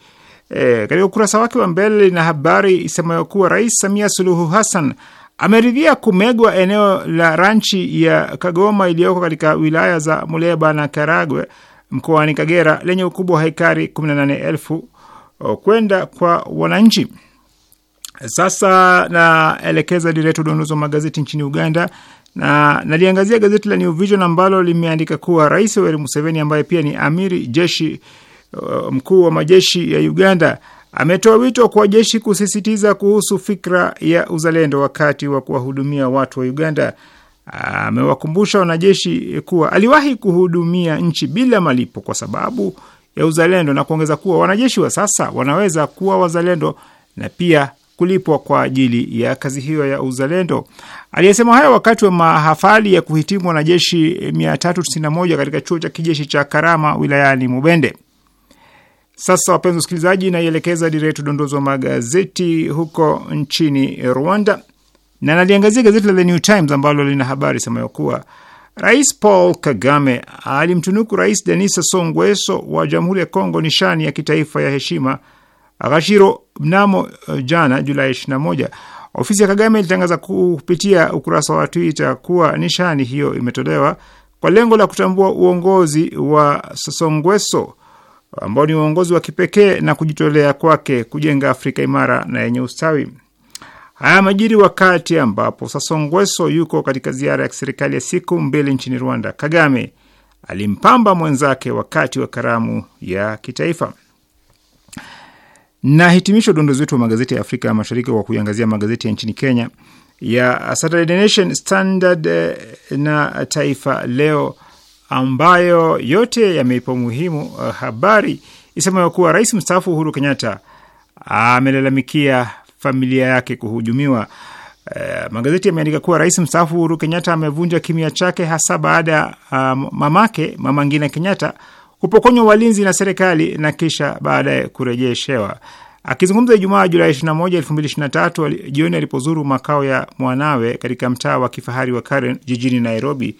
e, katika ukurasa wake wa mbele lina habari isemayo kuwa Rais Samia Suluhu Hassan ameridhia kumegwa eneo la ranchi ya Kagoma iliyoko katika wilaya za Muleba na Karagwe mkoani Kagera lenye ukubwa wa hekari 18,000 kwenda kwa wananchi. Sasa naelekeza dira yetu udondozi wa magazeti nchini Uganda na naliangazia gazeti la New Vision ambalo limeandika kuwa Rais Yoweri Museveni ambaye pia ni amiri jeshi mkuu wa majeshi ya Uganda Ametoa wito kwa jeshi kusisitiza kuhusu fikra ya uzalendo wakati wa kuwahudumia watu wa Uganda. Amewakumbusha wanajeshi kuwa aliwahi kuhudumia nchi bila malipo kwa sababu ya uzalendo na kuongeza kuwa wanajeshi wa sasa wanaweza kuwa wazalendo na pia kulipwa kwa ajili ya kazi hiyo ya uzalendo. Aliyesema hayo wakati wa mahafali ya kuhitimu wanajeshi 391 katika chuo cha kijeshi cha Karama wilayani Mubende. Sasa wapenzi wasikilizaji, naielekeza dira yetu dondozi wa magazeti huko nchini Rwanda, na naliangazia gazeti la The New Times ambalo lina habari semayo kuwa Rais Paul Kagame alimtunuku Rais Denis Sassou Nguesso wa Jamhuri ya Kongo nishani ya kitaifa ya heshima Agashiro mnamo eh, jana Julai 21. Ofisi ya Kagame ilitangaza kupitia ukurasa wa Twitter kuwa nishani hiyo imetolewa kwa lengo la kutambua uongozi wa Sassou Nguesso ambao ni uongozi wa kipekee na kujitolea kwake kujenga Afrika imara na yenye ustawi. Haya majiri wakati ambapo Sasongweso yuko katika ziara ya kiserikali ya siku mbili nchini Rwanda. Kagame alimpamba mwenzake wakati wa karamu ya kitaifa. Na hitimisho udondozi wetu wa magazeti ya Afrika ya Mashariki kwa kuiangazia magazeti ya nchini Kenya ya Saturday Nation, Standard eh, na Taifa Leo ambayo yote yameipa umuhimu uh, habari isemayo kuwa rais mstaafu Uhuru Kenyatta amelalamikia familia yake kuhujumiwa. Uh, magazeti yameandika kuwa rais mstaafu Uhuru Kenyatta amevunja kimya chake hasa baada ya uh, mamake Mama Ngina Kenyatta kupokonywa walinzi na serikali na kisha baadaye kurejeshewa. Akizungumza Ijumaa Julai 21, 2023 jioni alipozuru makao ya mwanawe katika mtaa wa kifahari wa Karen jijini Nairobi,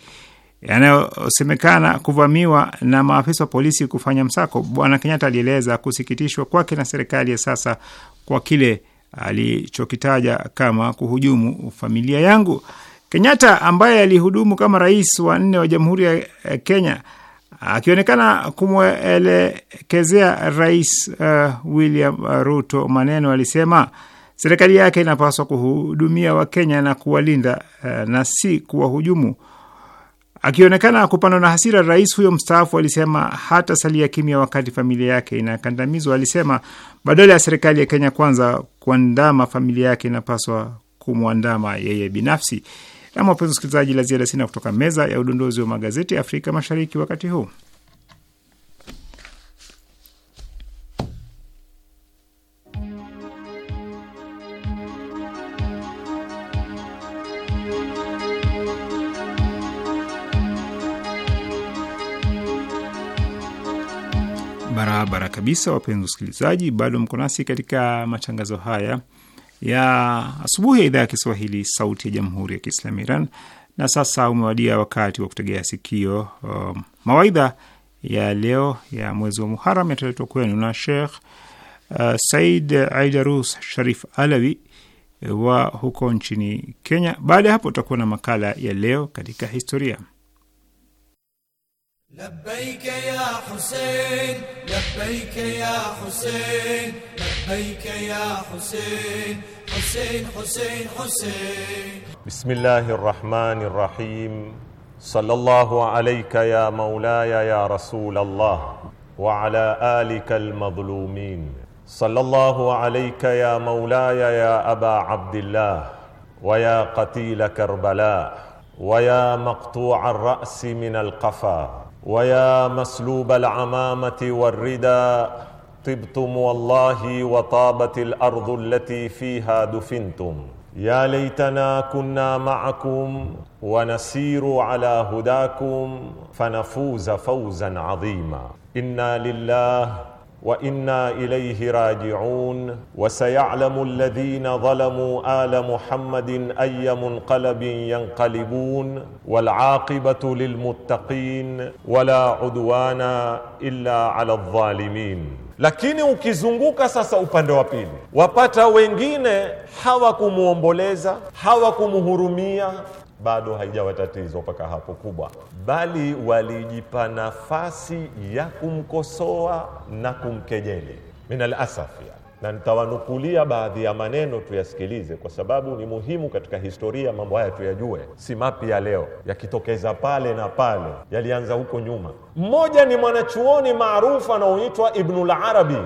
yanayosemekana kuvamiwa na maafisa wa polisi kufanya msako. Bwana Kenyatta alieleza kusikitishwa kwake na serikali ya sasa kwa kile alichokitaja kama kuhujumu familia yangu. Kenyatta ambaye alihudumu kama rais wa nne wa Jamhuri ya eh, Kenya akionekana kumwelekezea Rais uh, William eh, Ruto maneno, alisema serikali yake inapaswa kuhudumia Wakenya na kuwalinda uh, na si kuwahujumu. Akionekana kupandwa na hasira, rais huyo mstaafu alisema hata salia kimya wakati familia yake inakandamizwa. Alisema badala ya serikali ya Kenya kwanza kuandama familia yake, inapaswa kumwandama yeye binafsi. Na mwapenzi msikilizaji, la ziada sina kutoka meza ya udondozi wa magazeti ya Afrika Mashariki wakati huu. barabara kabisa, wapenzi wasikilizaji, bado mko nasi katika matangazo haya ya asubuhi ya idhaa ya Kiswahili sauti ya jamhuri ya Kiislamu Iran. Na sasa umewadia wakati wa kutegea sikio um, mawaidha ya leo ya mwezi wa Muharam yataletwa kwenu na Shekh uh, Said Aidarus Sharif Alawi wa huko nchini Kenya. Baada ya hapo, utakuwa na makala ya leo katika historia. لبيك يا حسين لبيك يا حسين لبيك يا حسين حسين حسين حسين بسم الله الرحمن الرحيم صلى الله عليك يا مولاي يا رسول الله وعلى آلك المظلومين صلى الله عليك يا مولاي يا أبا عبد الله ويا قتيل كربلاء ويا مقطوع الرأس من القفا ويا مسلوب العمامه والردى طبتم والله وطابت الارض التي فيها دفنتم يا ليتنا كنا معكم ونسير على هداكم فنفوز فوزا عظيما انا لله وانا اليه راجعون وسيعلم الذين ظلموا ال محمد اي منقلب ينقلبون والعاقبه للمتقين ولا عدوان الا على الظالمين lakini ukizunguka sasa upande wa pili wapata wengine hawakumwomboleza hawakumhurumia bado haijawa tatizo mpaka hapo kubwa, bali walijipa nafasi ya kumkosoa na kumkejeli min alasafi. Na nitawanukulia baadhi ya maneno tuyasikilize, kwa sababu ni muhimu katika historia. Mambo haya tuyajue, si mapya leo, yakitokeza pale na pale, yalianza huko nyuma. Mmoja ni mwanachuoni maarufu anaoitwa Ibnul Arabi,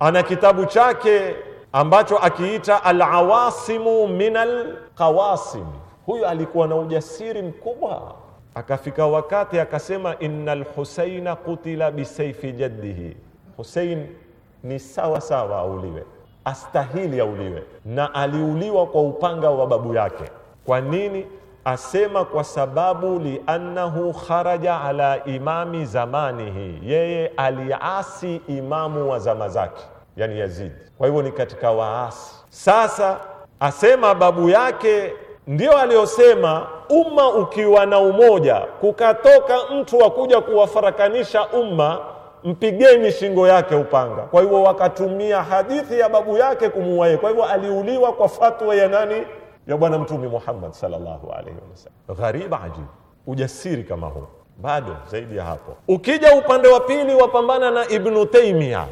ana kitabu chake ambacho akiita Alawasimu min alkawasim Huyu alikuwa na ujasiri mkubwa, akafika wakati akasema, innal husaina kutila bisaifi jaddihi, Husein ni sawa sawa auliwe, astahili auliwe, na aliuliwa kwa upanga wa babu yake. Kwa nini? Asema kwa sababu liannahu kharaja ala imami zamanihi, yeye aliasi imamu wa zama zake, yani Yazidi. Kwa hivyo ni katika waasi. Sasa asema babu yake ndio aliyosema umma ukiwa na umoja, kukatoka mtu wa kuja kuwafarakanisha umma, mpigeni shingo yake upanga. Kwa hivyo wakatumia hadithi ya babu yake kumuua Kwa hivyo aliuliwa kwa fatwa ya nani? Ya Bwana Mtume Muhammad sallallahu alaihi wasallam. Ghariba, ajibu, ujasiri kama huu bado zaidi ya hapo. Ukija upande wa pili, wapambana na Ibnu Taimia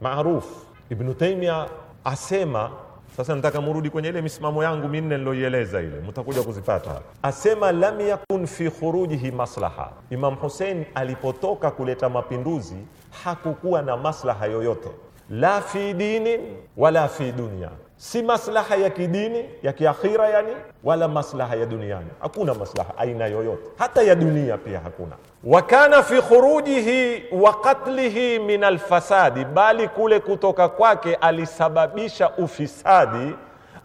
maarufu. Ibnu Taimia asema sasa nataka murudi kwenye ile misimamo yangu minne niloieleza ile, mtakuja kuzipata Asema lam yakun fi khurujihi maslaha, Imam husein alipotoka kuleta mapinduzi hakukuwa na maslaha yoyote la fi dinin wala fi dunya, si maslaha ya kidini ya kiakhira yani, wala maslaha ya duniani. Hakuna maslaha aina yoyote, hata ya dunia pia hakuna. Wa kana fi khurujihi wa qatlihi min alfasadi, bali kule kutoka kwake alisababisha ufisadi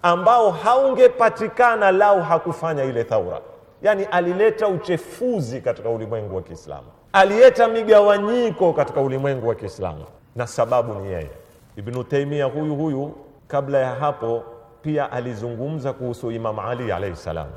ambao haungepatikana lau hakufanya ile thaura. Yani alileta uchefuzi katika ulimwengu wa Kiislamu, alileta migawanyiko katika ulimwengu wa Kiislamu na sababu ni yeye. Ibnu Taimia huyu huyu kabla ya hapo pia alizungumza kuhusu Imamu Ali alaihi salam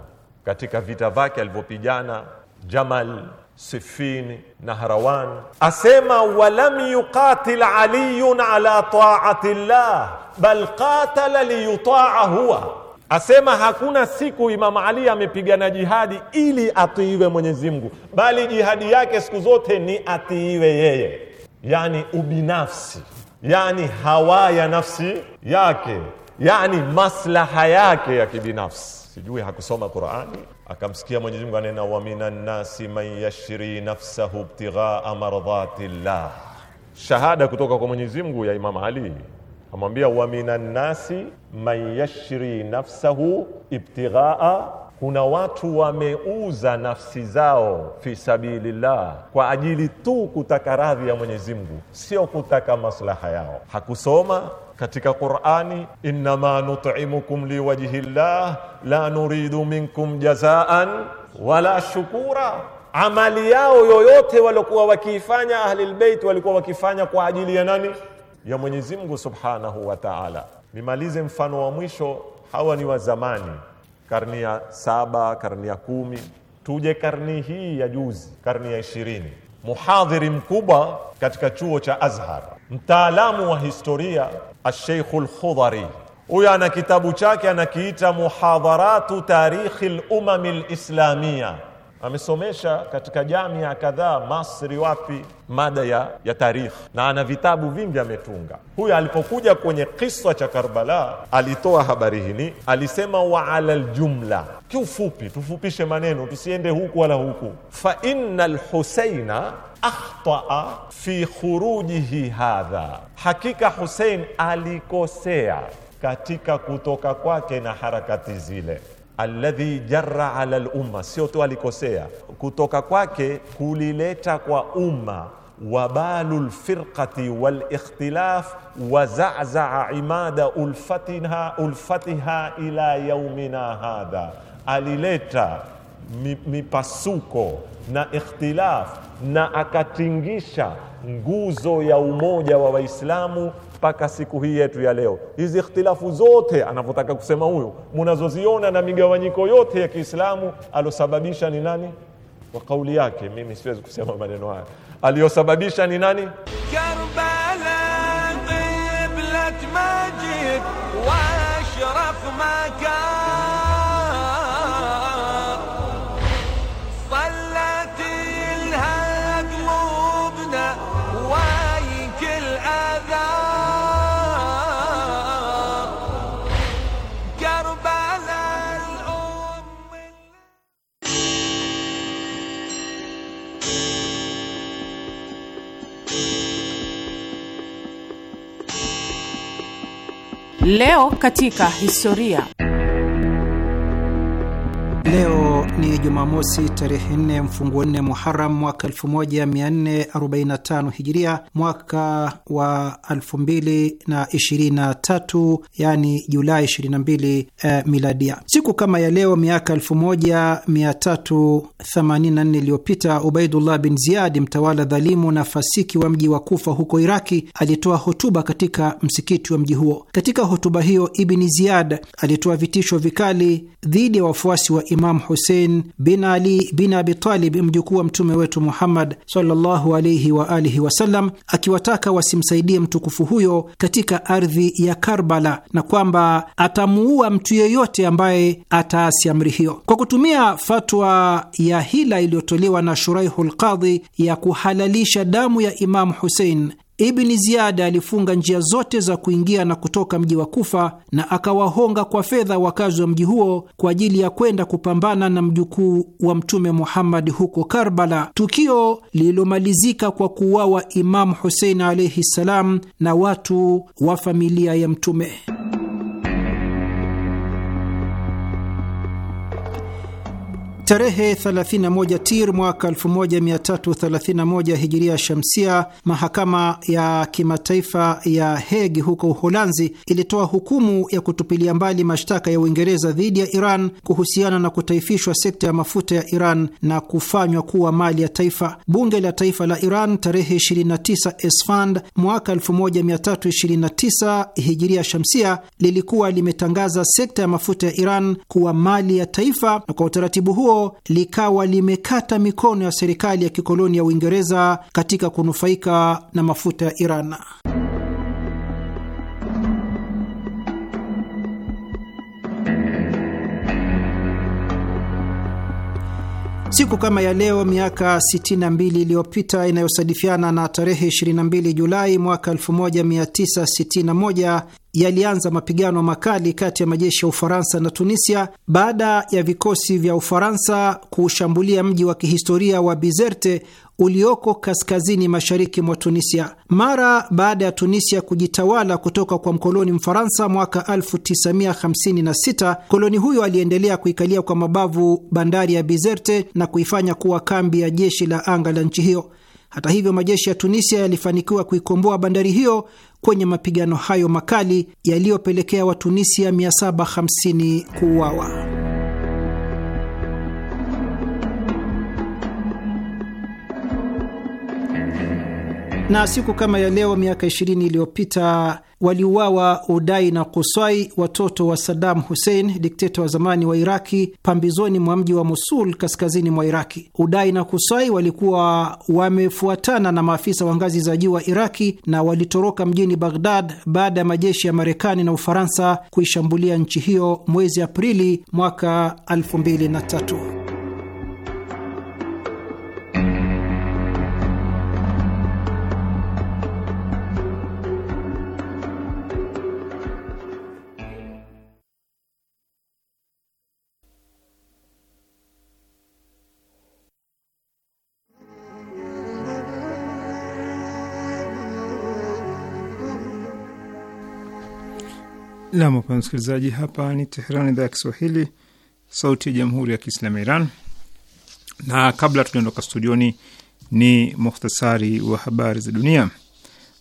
katika vita vyake alivyopigana Jamal, Sifin nahrawan asema walam yuqatil aliyun ala taati llah bal qatala liyutaa huwa, asema hakuna siku Imamu Ali amepigana jihadi ili atiiwe Mwenyezi Mungu, bali jihadi yake siku zote ni atiiwe yeye yani ubinafsi, yani hawa ya nafsi yake, yani maslaha yake ya kibinafsi. Sijui hakusoma Qurani akamsikia Mwenyezi Mungu anena, wa minan nasi man yashri nafsahu ibtighaa mardhati llah. Shahada kutoka kwa Mwenyezi Mungu ya Imam Ali amwambia, wa minan nasi man yashri nafsahu ibtighaa kuna watu wameuza nafsi zao fi sabilillah kwa ajili tu kutaka radhi ya Mwenyezi Mungu, sio kutaka maslaha yao. Hakusoma katika Qur'ani, innama nut'imukum liwajhi llah la nuridu minkum jazaan wala shukura. Amali yao yoyote waliokuwa wakiifanya Ahlilbeit walikuwa wakifanya kwa ajili ya nani? Ya Mwenyezi Mungu subhanahu wa ta'ala. Nimalize mfano wa mwisho, hawa ni wa zamani karni ya saba, karni ya kumi, tuje karni hii ya juzi, karni ya ishirini. Muhadhiri mkubwa katika chuo cha Azhar, mtaalamu wa historia Asheikhu Lkhudhari, huyo ana kitabu chake anakiita Muhadharatu Tarikhi Lumami Lislamia amesomesha katika jamia kadhaa Masri wapi, mada ya, ya tarikhi na ana vitabu vingi ametunga. Huyu alipokuja kwenye kisa cha Karbala alitoa habari hini alisema wa ala ljumla, kiufupi, tufupishe maneno tusiende huku wala huku, fa inna lhuseina akhtaa fi khurujihi hadha, hakika Husein alikosea katika kutoka kwake na harakati zile alladhi jarra ala lumma, sio tu alikosea kutoka kwake kulileta kwa umma wabalu lfirqati walikhtilaf wazazaa imada ulfatiha, ulfatiha ila yaumina hadha, alileta mipasuko na ikhtilaf na akatingisha nguzo ya umoja wa Waislamu mpaka siku hii yetu ya leo. Hizi ikhtilafu zote anavyotaka kusema huyu munazoziona na migawanyiko yote ya Kiislamu alosababisha ni nani? Kwa kauli yake, mimi siwezi kusema maneno haya. Aliyosababisha ni nani? Karbala Leo katika historia. Leo ni Jumamosi tarehe nne mfunguo 4 Muharam mwaka 1445 Hijiria, mwaka wa 2023 yani Julai 22 eh, miladia. Siku kama ya leo miaka 1384 iliyopita, Ubaidullah bin Ziyadi, mtawala dhalimu na fasiki wa mji wa Kufa huko Iraki, alitoa hotuba katika msikiti wa mji huo. Katika hotuba hiyo, Ibni Ziyad alitoa vitisho vikali dhidi ya wafuasi wa Imam Hussein Husein bin Ali bin Abitalib, mjukuu wa mtume wetu Muhammad sallallahu alaihi wa alihi wasallam, akiwataka wasimsaidie mtukufu huyo katika ardhi ya Karbala na kwamba atamuua mtu yeyote ambaye ataasi amri hiyo. Kwa kutumia fatwa ya hila iliyotolewa na shuraihu lqadhi ya kuhalalisha damu ya Imamu Husein, Ibni Ziyada alifunga njia zote za kuingia na kutoka mji wa Kufa na akawahonga kwa fedha wakazi wa mji huo kwa ajili ya kwenda kupambana na mjukuu wa Mtume Muhammad huko Karbala, tukio lililomalizika kwa kuuawa Imamu Husein alaihi ssalam na watu wa familia ya Mtume. Tarehe 31 Tir mwaka 1331 hijiria shamsia, mahakama ya kimataifa ya Hegi huko Uholanzi ilitoa hukumu ya kutupilia mbali mashtaka ya Uingereza dhidi ya Iran kuhusiana na kutaifishwa sekta ya mafuta ya Iran na kufanywa kuwa mali ya taifa. Bunge la Taifa la Iran tarehe 29 Esfand mwaka 1329 hijiria shamsia lilikuwa limetangaza sekta ya mafuta ya Iran kuwa mali ya taifa, na kwa utaratibu huo likawa limekata mikono ya serikali ya kikoloni ya Uingereza katika kunufaika na mafuta ya Iran. Siku kama ya leo miaka 62 iliyopita inayosadifiana na tarehe 22 Julai mwaka 1961 yalianza mapigano makali kati ya majeshi ya Ufaransa na Tunisia baada ya vikosi vya Ufaransa kuushambulia mji wa kihistoria wa Bizerte ulioko kaskazini mashariki mwa Tunisia. Mara baada ya Tunisia kujitawala kutoka kwa mkoloni Mfaransa mwaka 1956, koloni huyo aliendelea kuikalia kwa mabavu bandari ya Bizerte na kuifanya kuwa kambi ya jeshi la anga la nchi hiyo. Hata hivyo, majeshi ya Tunisia yalifanikiwa kuikomboa bandari hiyo kwenye mapigano hayo makali yaliyopelekea Watunisia 750 kuuawa. Na siku kama ya leo miaka 20 iliyopita waliuawa Udai na kuswai watoto wa sadam Hussein, dikteta wa zamani wa Iraki, pambizoni mwa mji wa Mosul, kaskazini mwa Iraki. Udai na Kuswai walikuwa wamefuatana na maafisa wa ngazi za juu wa Iraki na walitoroka mjini Baghdad baada ya majeshi ya Marekani na Ufaransa kuishambulia nchi hiyo mwezi Aprili mwaka 2003. Nam, wapenzi msikilizaji, hapa ni Teheran, idhaa ya Kiswahili, sauti ya jamhuri ya kiislamu ya Iran. Na kabla tunaondoka studioni, ni muhtasari wa habari za dunia.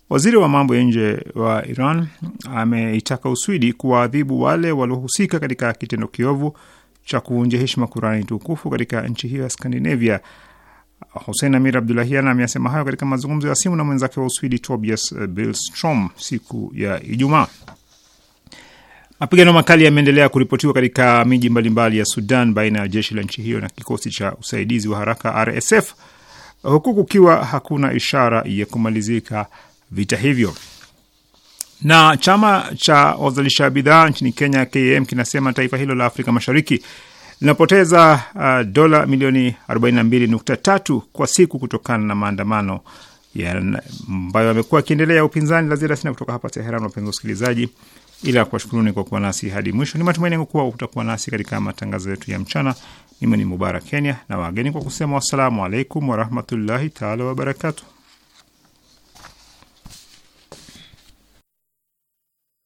Waziri wa mambo ya nje wa Iran ameitaka Uswidi kuwaadhibu wale waliohusika katika kitendo kiovu cha kuvunja heshima Kurani tukufu katika nchi hiyo ya Skandinavia. Husein Amir Abdulahian ameyasema hayo katika mazungumzo ya simu na mwenzake wa Uswidi Tobias Billstrom siku ya Ijumaa. Mapigano makali yameendelea kuripotiwa katika miji mbalimbali ya Sudan baina ya jeshi la nchi hiyo na kikosi cha usaidizi wa haraka RSF, huku kukiwa hakuna ishara ya kumalizika vita hivyo. Na chama cha wazalisha bidhaa nchini Kenya KM, kinasema taifa hilo la Afrika Mashariki linapoteza uh, dola milioni 42.3 kwa siku kutokana na maandamano ambayo yamekuwa yakiendelea ya upinzani. Lazima sina kutoka hapa Teheran, wapenzi wasikilizaji ila kuwashukuruni kwa kuwa nasi hadi mwisho. Ni matumaini yangu kuwa utakuwa nasi katika matangazo yetu ya mchana. Mimi ni Mubarak Kenya na wageni kwa kusema wassalamu alaikum warahmatullahi taala wabarakatu.